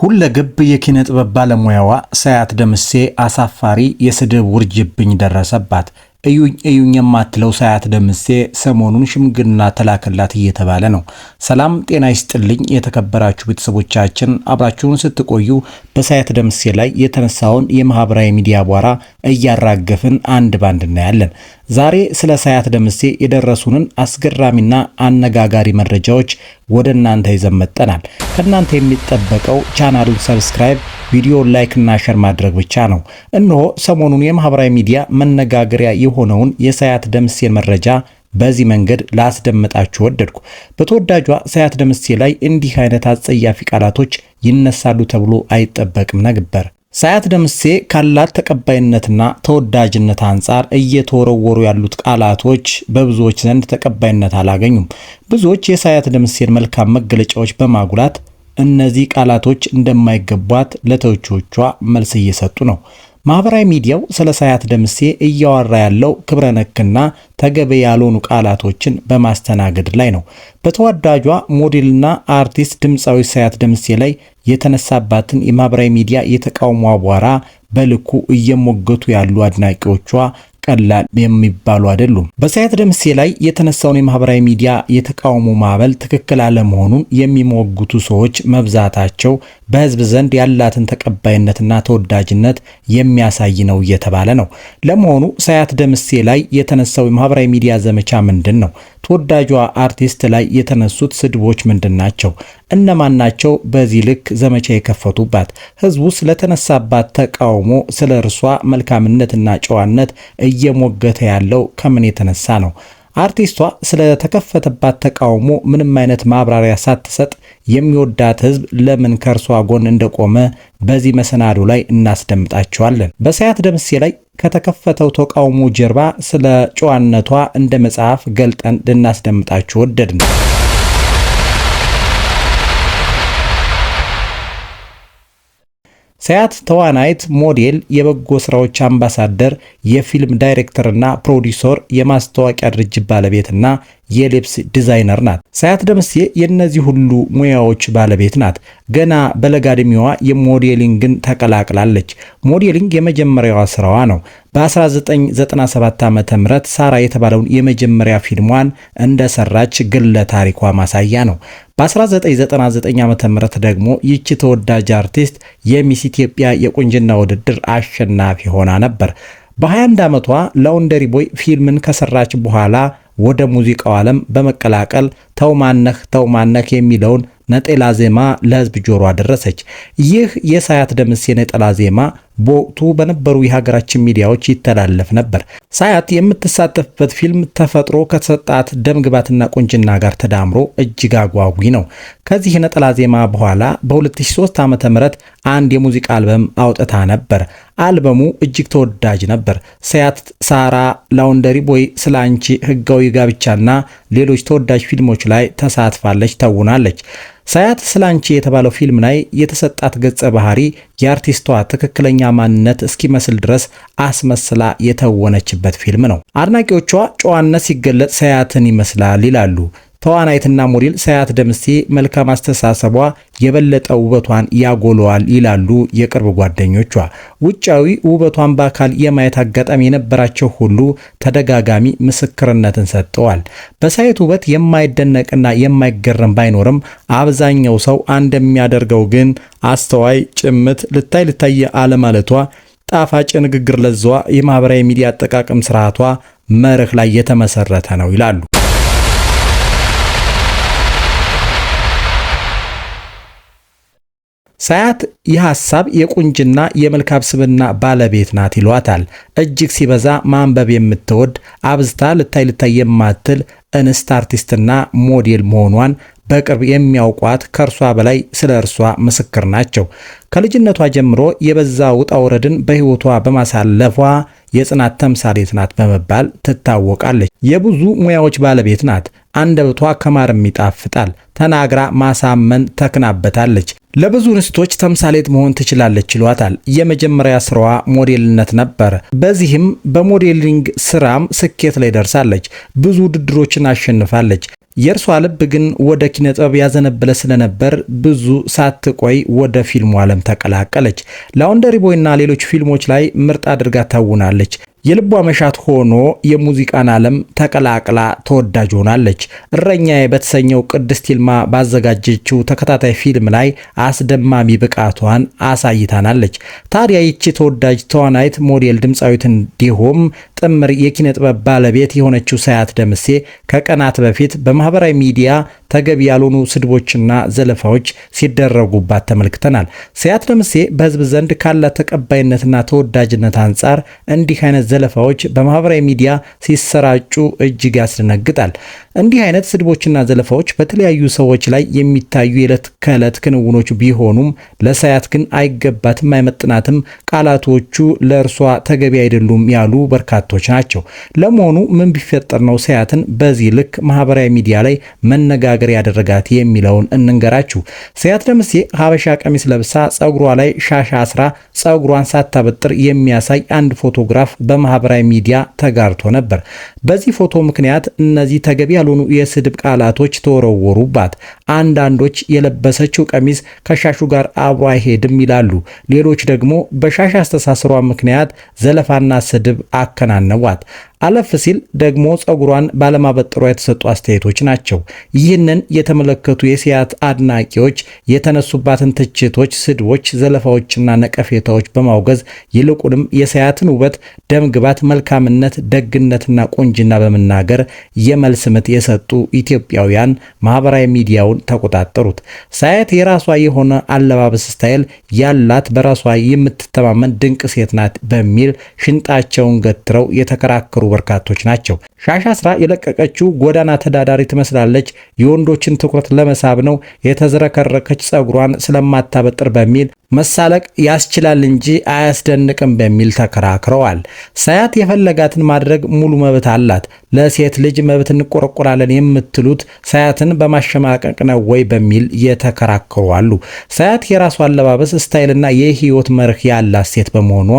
ሁለ ግብ የኪነ ጥበብ ባለሙያዋ ሳያት ደምሴ አሳፋሪ የስድብ ውርጅብኝ ደረሰባት። እዩኝ እዩኝ የማትለው ሳያት ደምሴ ሰሞኑን ሽምግልና ተላከላት እየተባለ ነው። ሰላም ጤና ይስጥልኝ የተከበራችሁ ቤተሰቦቻችን፣ አብራችሁን ስትቆዩ በሳያት ደምሴ ላይ የተነሳውን የማህበራዊ ሚዲያ አቧራ እያራገፍን አንድ ባንድ እናያለን። ዛሬ ስለ ሳያት ደምሴ የደረሱንን አስገራሚና አነጋጋሪ መረጃዎች ወደ እናንተ ይዘን መጥተናል። ከእናንተ የሚጠበቀው ቻናሉን ሰብስክራይብ፣ ቪዲዮን ላይክ እና ሸር ማድረግ ብቻ ነው። እነሆ ሰሞኑን የማህበራዊ ሚዲያ መነጋገሪያ የሆነውን የሳያት ደምሴ መረጃ በዚህ መንገድ ላስደምጣችሁ ወደድኩ። በተወዳጇ ሳያት ደምሴ ላይ እንዲህ አይነት አጸያፊ ቃላቶች ይነሳሉ ተብሎ አይጠበቅም ነበር። ሳያት ደምሴ ካላት ተቀባይነትና ተወዳጅነት አንጻር እየተወረወሩ ያሉት ቃላቶች በብዙዎች ዘንድ ተቀባይነት አላገኙም። ብዙዎች የሳያት ደምሴን መልካም መገለጫዎች በማጉላት እነዚህ ቃላቶች እንደማይገቧት ለተቺዎቿ መልስ እየሰጡ ነው። ማህበራዊ ሚዲያው ስለ ሳያት ደምሴ እያወራ ያለው ክብረ ነክና ተገቢ ያልሆኑ ቃላቶችን በማስተናገድ ላይ ነው። በተወዳጇ ሞዴልና አርቲስት ድምፃዊ ሳያት ደምሴ ላይ የተነሳባትን የማህበራዊ ሚዲያ የተቃውሞ አቧራ በልኩ እየሞገቱ ያሉ አድናቂዎቿ ቀላል የሚባሉ አይደሉም። በሳያት ደምሴ ላይ የተነሳውን የማህበራዊ ሚዲያ የተቃውሞ ማዕበል ትክክል አለመሆኑን የሚሞግቱ ሰዎች መብዛታቸው በህዝብ ዘንድ ያላትን ተቀባይነትና ተወዳጅነት የሚያሳይ ነው እየተባለ ነው። ለመሆኑ ሳያት ደምሴ ላይ የተነሳው የማህበራዊ ሚዲያ ዘመቻ ምንድን ነው? ተወዳጇ አርቲስት ላይ የተነሱት ስድቦች ምንድን ናቸው? እነማን ናቸው በዚህ ልክ ዘመቻ የከፈቱባት? ህዝቡ ስለተነሳባት ተቃውሞ፣ ስለ እርሷ መልካምነትና ጨዋነት እየሞገተ ያለው ከምን የተነሳ ነው? አርቲስቷ ስለተከፈተባት ተቃውሞ ምንም አይነት ማብራሪያ ሳትሰጥ የሚወዳት ህዝብ ለምን ከእርሷ ጎን እንደቆመ በዚህ መሰናዶ ላይ እናስደምጣቸዋለን። በሰያት ደምሴ ላይ ከተከፈተው ተቃውሞ ጀርባ ስለ ጨዋነቷ እንደ መጽሐፍ ገልጠን ልናስደምጣችሁ ወደድን። ሳያት ተዋናይት፣ ሞዴል፣ የበጎ ስራዎች አምባሳደር፣ የፊልም ዳይሬክተርና ፕሮዲውሰር፣ የማስታወቂያ ድርጅት ባለቤትና የልብስ ዲዛይነር ናት። ሳያት ደምሴ የእነዚህ ሁሉ ሙያዎች ባለቤት ናት። ገና በለጋ ዕድሜዋ የሞዴሊንግን ተቀላቅላለች። ሞዴሊንግ የመጀመሪያዋ ስራዋ ነው። በ1997 ዓ ም ሳራ የተባለውን የመጀመሪያ ፊልሟን እንደሰራች ግለ ታሪኳ ማሳያ ነው። በ1999 ዓ ም ደግሞ ይቺ ተወዳጅ አርቲስት የሚስ ኢትዮጵያ የቁንጅና ውድድር አሸናፊ ሆና ነበር። በ21 ዓመቷ ላውንደሪ ቦይ ፊልምን ከሰራች በኋላ ወደ ሙዚቃው ዓለም በመቀላቀል ተውማነህ ተውማነህ የሚለውን ነጠላ ዜማ ለህዝብ ጆሮ አደረሰች። ይህ የሳያት ደምሴ ነጠላ ዜማ በወቅቱ በነበሩ የሀገራችን ሚዲያዎች ይተላለፍ ነበር። ሳያት የምትሳተፍበት ፊልም ተፈጥሮ ከተሰጣት ግባትና ቁንጅና ጋር ተዳምሮ እጅግ አጓጊ ነው። ከዚህ ነጠላ ዜማ በኋላ በ2003 ዓ ም አንድ የሙዚቃ አልበም አውጥታ ነበር። አልበሙ እጅግ ተወዳጅ ነበር። ሳያት ሳራ፣ ላውንደሪ ቦይ፣ ስለ አንቺ፣ ህጋዊ ጋብቻና ሌሎች ተወዳጅ ፊልሞች ላይ ተሳትፋለች፣ ተውናለች። ሳያት ስላንቺ የተባለው ፊልም ላይ የተሰጣት ገጸ ባህሪ የአርቲስቷ ትክክለኛ ማንነት እስኪመስል ድረስ አስመስላ የተወነችበት ፊልም ነው። አድናቂዎቿ ጨዋነት ሲገለጽ ሳያትን ይመስላል ይላሉ። ተዋናይትና ሞዴል ሳያት ደምሴ መልካም አስተሳሰቧ የበለጠ ውበቷን ያጎለዋል ይላሉ የቅርብ ጓደኞቿ። ውጫዊ ውበቷን በአካል የማየት አጋጣሚ የነበራቸው ሁሉ ተደጋጋሚ ምስክርነትን ሰጥተዋል። በሳይት ውበት የማይደነቅና የማይገርም ባይኖርም አብዛኛው ሰው እንደሚያደርገው ግን አስተዋይ፣ ጭምት፣ ልታይ ልታይ አለማለቷ ጣፋጭ ንግግር ለዛዋ የማህበራዊ ሚዲያ አጠቃቀም ስርዓቷ መርህ ላይ የተመሰረተ ነው ይላሉ። ሳያት የሐሳብ የቁንጅና የመልካም ስብና ባለቤት ናት ይሏታል። እጅግ ሲበዛ ማንበብ የምትወድ አብዝታ ልታይ ልታይ የማትል እንስት አርቲስትና ሞዴል መሆኗን በቅርብ የሚያውቋት ከእርሷ በላይ ስለ እርሷ ምስክር ናቸው። ከልጅነቷ ጀምሮ የበዛ ውጣ ውረድን በሕይወቷ በማሳለፏ የጽናት ተምሳሌት ናት በመባል ትታወቃለች። የብዙ ሙያዎች ባለቤት ናት። አንደበቷ ከማርም ይጣፍጣል። ተናግራ ማሳመን ተክናበታለች። ለብዙ እንስቶች ተምሳሌት መሆን ትችላለች ይሏታል። የመጀመሪያ ስራዋ ሞዴልነት ነበር። በዚህም በሞዴሊንግ ስራም ስኬት ላይ ደርሳለች። ብዙ ውድድሮችን አሸንፋለች። የእርሷ ልብ ግን ወደ ኪነ ያዘነበለ ስለነበር ብዙ ሳትቆይ ወደ ፊልሙ ዓለም ተቀላቀለች። ላውንደሪ ቦይና ሌሎች ፊልሞች ላይ ምርጥ አድርጋ ታውናለች። የልቧ መሻት ሆኖ የሙዚቃን ዓለም ተቀላቅላ ተወዳጅ ሆናለች። እረኛዬ በተሰኘው ቅድስት ይልማ ባዘጋጀችው ተከታታይ ፊልም ላይ አስደማሚ ብቃቷን አሳይታናለች። ታዲያ ይቺ ተወዳጅ ተዋናይት፣ ሞዴል፣ ድምፃዊት እንዲሁም ጥምር የኪነ ጥበብ ባለቤት የሆነችው ሳያት ደምሴ ከቀናት በፊት በማህበራዊ ሚዲያ ተገቢ ያልሆኑ ስድቦችና ዘለፋዎች ሲደረጉባት ተመልክተናል። ሰያት ደምሴ በህዝብ ዘንድ ካለ ተቀባይነትና ተወዳጅነት አንጻር እንዲህ አይነት ዘለፋዎች በማህበራዊ ሚዲያ ሲሰራጩ እጅግ ያስደነግጣል። እንዲህ አይነት ስድቦችና ዘለፋዎች በተለያዩ ሰዎች ላይ የሚታዩ የዕለት ከዕለት ክንውኖች ቢሆኑም ለሳያት ግን አይገባትም፣ አይመጥናትም፣ ቃላቶቹ ለእርሷ ተገቢ አይደሉም ያሉ በርካቶች ናቸው። ለመሆኑ ምን ቢፈጠር ነው ሳያትን በዚህ ልክ ማህበራዊ ሚዲያ ላይ መነጋገር ያደረጋት የሚለውን እንንገራችሁ። ሳያት ደምሴ ሀበሻ ቀሚስ ለብሳ ጸጉሯ ላይ ሻሻ አስራ ጸጉሯን ሳታበጥር የሚያሳይ አንድ ፎቶግራፍ በማህበራዊ ሚዲያ ተጋርቶ ነበር። በዚህ ፎቶ ምክንያት እነዚህ ተገቢ ያልሆኑ የስድብ ቃላቶች ተወረወሩባት። አንዳንዶች የለበሰችው ቀሚስ ከሻሹ ጋር አብሮ አይሄድም ይላሉ። ሌሎች ደግሞ በሻሽ አስተሳሰሯ ምክንያት ዘለፋና ስድብ አከናነቧት። አለፍ ሲል ደግሞ ጸጉሯን ባለማበጠሯ የተሰጡ አስተያየቶች ናቸው። ይህንን የተመለከቱ የሲያት አድናቂዎች የተነሱባትን ትችቶች፣ ስድቦች፣ ዘለፋዎችና ነቀፌታዎች በማውገዝ ይልቁንም የሲያትን ውበት፣ ደምግባት፣ መልካምነት፣ ደግነትና ቁንጅና በመናገር የመልስ ምት የሰጡ ኢትዮጵያውያን ማህበራዊ ሚዲያውን ኑሮውን ተቆጣጠሩት። ሳያት የራሷ የሆነ አለባበስ ስታይል ያላት በራሷ የምትተማመን ድንቅ ሴት ናት በሚል ሽንጣቸውን ገትረው የተከራከሩ በርካቶች ናቸው። ሻሽ አስራ የለቀቀችው ጎዳና ተዳዳሪ ትመስላለች፣ የወንዶችን ትኩረት ለመሳብ ነው የተዝረከረከች፣ ጸጉሯን ስለማታበጥር በሚል መሳለቅ ያስችላል እንጂ አያስደንቅም በሚል ተከራክረዋል። ሳያት የፈለጋትን ማድረግ ሙሉ መብት አላት። ለሴት ልጅ መብት እንቆረቆራለን የምትሉት ሳያትን በማሸማቀቅ ነው ወይ በሚል የተከራከሩ አሉ። ሳያት የራሷ አለባበስ ስታይልና የህይወት መርህ ያላት ሴት በመሆኗ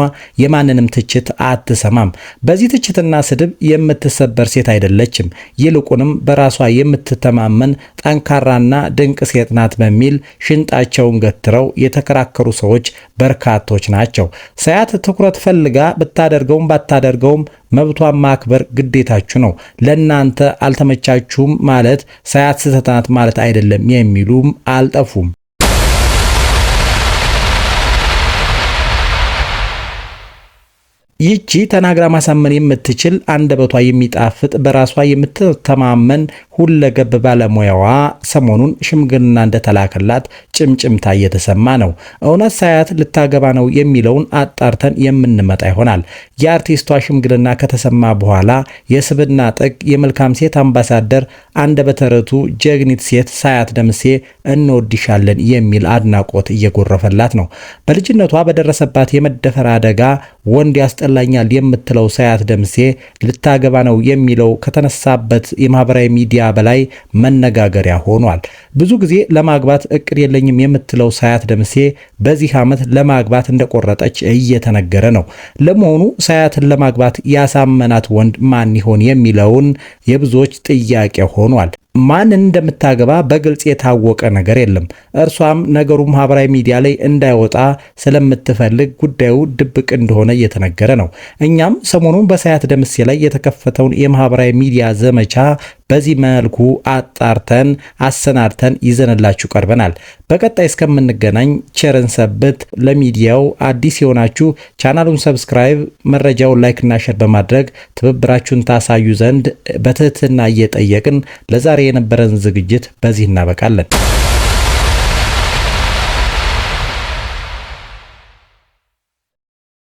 የማንንም ትችት አትሰማም። በዚህ ትችትና ስድብ የምትሰበር ሴት አይደለችም። ይልቁንም በራሷ የምትተማመን ጠንካራና ድንቅ ሴት ናት በሚል ሽንጣቸውን ገትረው የተከራከሩ የተከራከሩ ሰዎች በርካቶች ናቸው። ሳያት ትኩረት ፈልጋ ብታደርገውም ባታደርገውም መብቷን ማክበር ግዴታችሁ ነው። ለእናንተ አልተመቻችሁም ማለት ሳያት ስህተት ናት ማለት አይደለም የሚሉም አልጠፉም። ይቺ ተናግራ ማሳመን የምትችል አንደበቷ የሚጣፍጥ በራሷ የምትተማመን ሁለገብ ባለሙያዋ ሰሞኑን ሽምግልና እንደተላከላት ጭምጭምታ እየተሰማ ነው። እውነት ሳያት ልታገባ ነው የሚለውን አጣርተን የምንመጣ ይሆናል። የአርቲስቷ ሽምግልና ከተሰማ በኋላ የስብና ጥግ የመልካም ሴት አምባሳደር አንደበተ ርቱዕ ጀግኒት ሴት ሳያት ደምሴ እንወድሻለን የሚል አድናቆት እየጎረፈላት ነው። በልጅነቷ በደረሰባት የመደፈር አደጋ ወንድ ያስጠ ያስጠላኛል የምትለው ሳያት ደምሴ ልታገባ ነው የሚለው ከተነሳበት የማህበራዊ ሚዲያ በላይ መነጋገሪያ ሆኗል። ብዙ ጊዜ ለማግባት እቅድ የለኝም የምትለው ሳያት ደምሴ በዚህ ዓመት ለማግባት እንደቆረጠች እየተነገረ ነው። ለመሆኑ ሳያትን ለማግባት ያሳመናት ወንድ ማን ይሆን የሚለውን የብዙዎች ጥያቄ ሆኗል። ማን እንደምታገባ በግልጽ የታወቀ ነገር የለም። እርሷም ነገሩ ማህበራዊ ሚዲያ ላይ እንዳይወጣ ስለምትፈልግ ጉዳዩ ድብቅ እንደሆነ እየተነገረ ነው። እኛም ሰሞኑን በሳያት ደምሴ ላይ የተከፈተውን የማህበራዊ ሚዲያ ዘመቻ በዚህ መልኩ አጣርተን አሰናድተን ይዘንላችሁ ቀርበናል። በቀጣይ እስከምንገናኝ ቸርን ሰብት። ለሚዲያው አዲስ የሆናችሁ ቻናሉን ሰብስክራይብ፣ መረጃውን ላይክ እና ሸር በማድረግ ትብብራችሁን ታሳዩ ዘንድ በትህትና እየጠየቅን ለዛሬ የነበረን ዝግጅት በዚህ እናበቃለን።